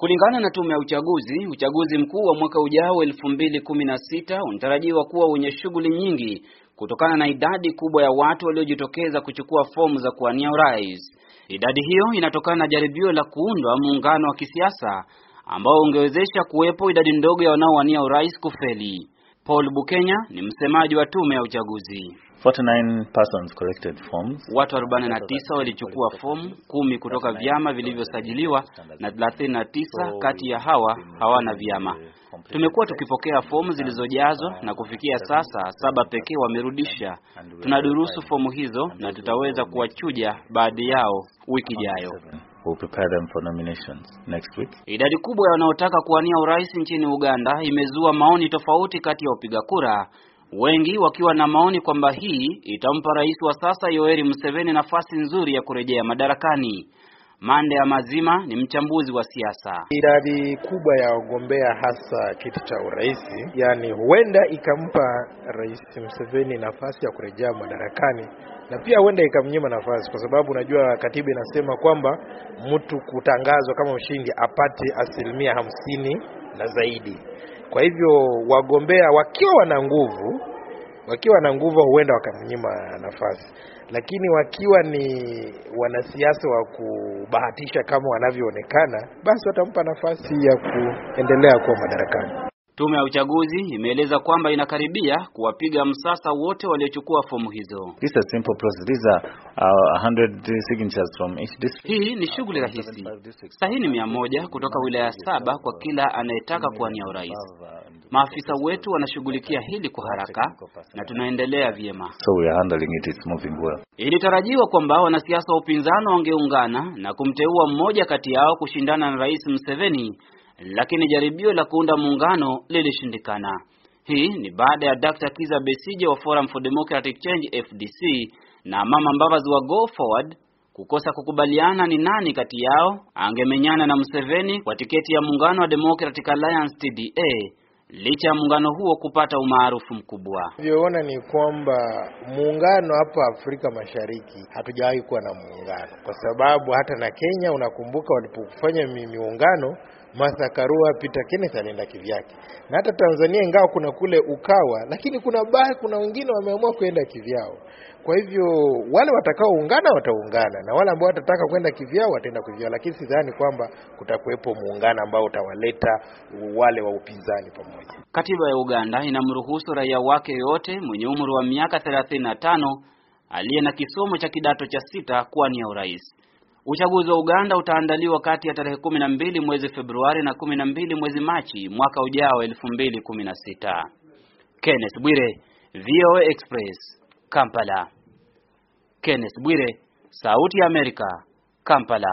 Kulingana na tume ya uchaguzi, uchaguzi mkuu wa mwaka ujao 2016 unatarajiwa kuwa wenye shughuli nyingi kutokana na idadi kubwa ya watu waliojitokeza kuchukua fomu za kuwania urais. Idadi hiyo inatokana na jaribio la kuundwa muungano wa kisiasa ambao ungewezesha kuwepo idadi ndogo ya wanaowania urais kufeli. Paul Bukenya ni msemaji wa tume ya uchaguzi. 49 persons collected forms. Watu 49 walichukua fomu kumi kutoka vyama vilivyosajiliwa na 39 kati ya hawa hawana vyama. Tumekuwa tukipokea fomu zilizojazwa na kufikia sasa saba pekee wamerudisha. Tunadurusu fomu hizo na tutaweza kuwachuja baadhi yao wiki ijayo. We'll prepare them for nominations next week. Idadi kubwa ya wanaotaka kuwania urais nchini Uganda imezua maoni tofauti kati ya wapiga kura wengi wakiwa na maoni kwamba hii itampa rais wa sasa Yoweri Museveni nafasi nzuri ya kurejea madarakani. Mande ya Mazima ni mchambuzi wa siasa. Idadi kubwa ya wagombea hasa kiti cha urais, yani huenda ikampa Rais Museveni nafasi ya kurejea madarakani na pia huenda ikamnyima nafasi, kwa sababu unajua katiba inasema kwamba mtu kutangazwa kama mshindi apate asilimia hamsini na zaidi kwa hivyo wagombea wakiwa wana nguvu, wakiwa na nguvu huenda wakamnyima nafasi, lakini wakiwa ni wanasiasa wa kubahatisha kama wanavyoonekana, basi watampa nafasi ya kuendelea kuwa madarakani. Tume ya uchaguzi imeeleza kwamba inakaribia kuwapiga msasa wote waliochukua fomu hizo. Uh, Hii ni shughuli rahisi. Sahini mia moja kutoka wilaya saba kwa kila anayetaka kuwania urais. Maafisa wetu wanashughulikia hili kwa haraka na tunaendelea vyema. So we are handling it, it's moving well. Ilitarajiwa kwamba wanasiasa wa upinzani wangeungana na kumteua mmoja kati yao kushindana na Rais Museveni lakini jaribio la kuunda muungano lilishindikana. Hii ni baada ya Dr. Kiza Besije wa Forum for Democratic Change FDC na Mama Mbabazi wa Go Forward kukosa kukubaliana ni nani kati yao angemenyana na Museveni kwa tiketi ya muungano wa Democratic Alliance TDA licha ya muungano huo kupata umaarufu mkubwa. Vyoona ni kwamba muungano hapa Afrika Mashariki hatujawahi kuwa na muungano, kwa sababu hata na Kenya unakumbuka walipofanya miungano Martha Karua, Peter Kenneth alienda kivyake, na hata Tanzania ingawa kuna kule Ukawa, lakini kuna baadhi, kuna wengine wameamua kuenda kivyao. Kwa hivyo wale watakaoungana wataungana na wale ambao watataka kwenda kivyao wataenda kivyao, lakini sidhani kwamba kutakuwepo muungano ambao utawaleta wale wa upinzani pamoja. Katiba ya Uganda inamruhusu raia wake yote mwenye umri wa miaka 35 aliye na kisomo cha kidato cha sita kuwania urais. Uchaguzi wa Uganda utaandaliwa kati ya tarehe kumi na mbili mwezi Februari na kumi na mbili mwezi Machi mwaka ujao elfu sita. Kenneth Bwire, VOA Express, Kampala. Kenneth Bwire, Sauti ya Amerika, Kampala.